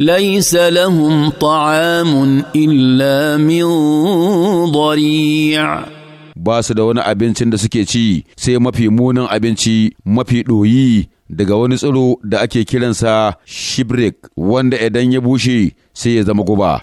ليس لهم طعام إلا من ضريع ba su da wani abincin da suke ci sai mafi munin abinci mafi ɗoyi daga wani tsiro da ake kiransa shibrik wanda idan ya bushe sai ya zama guba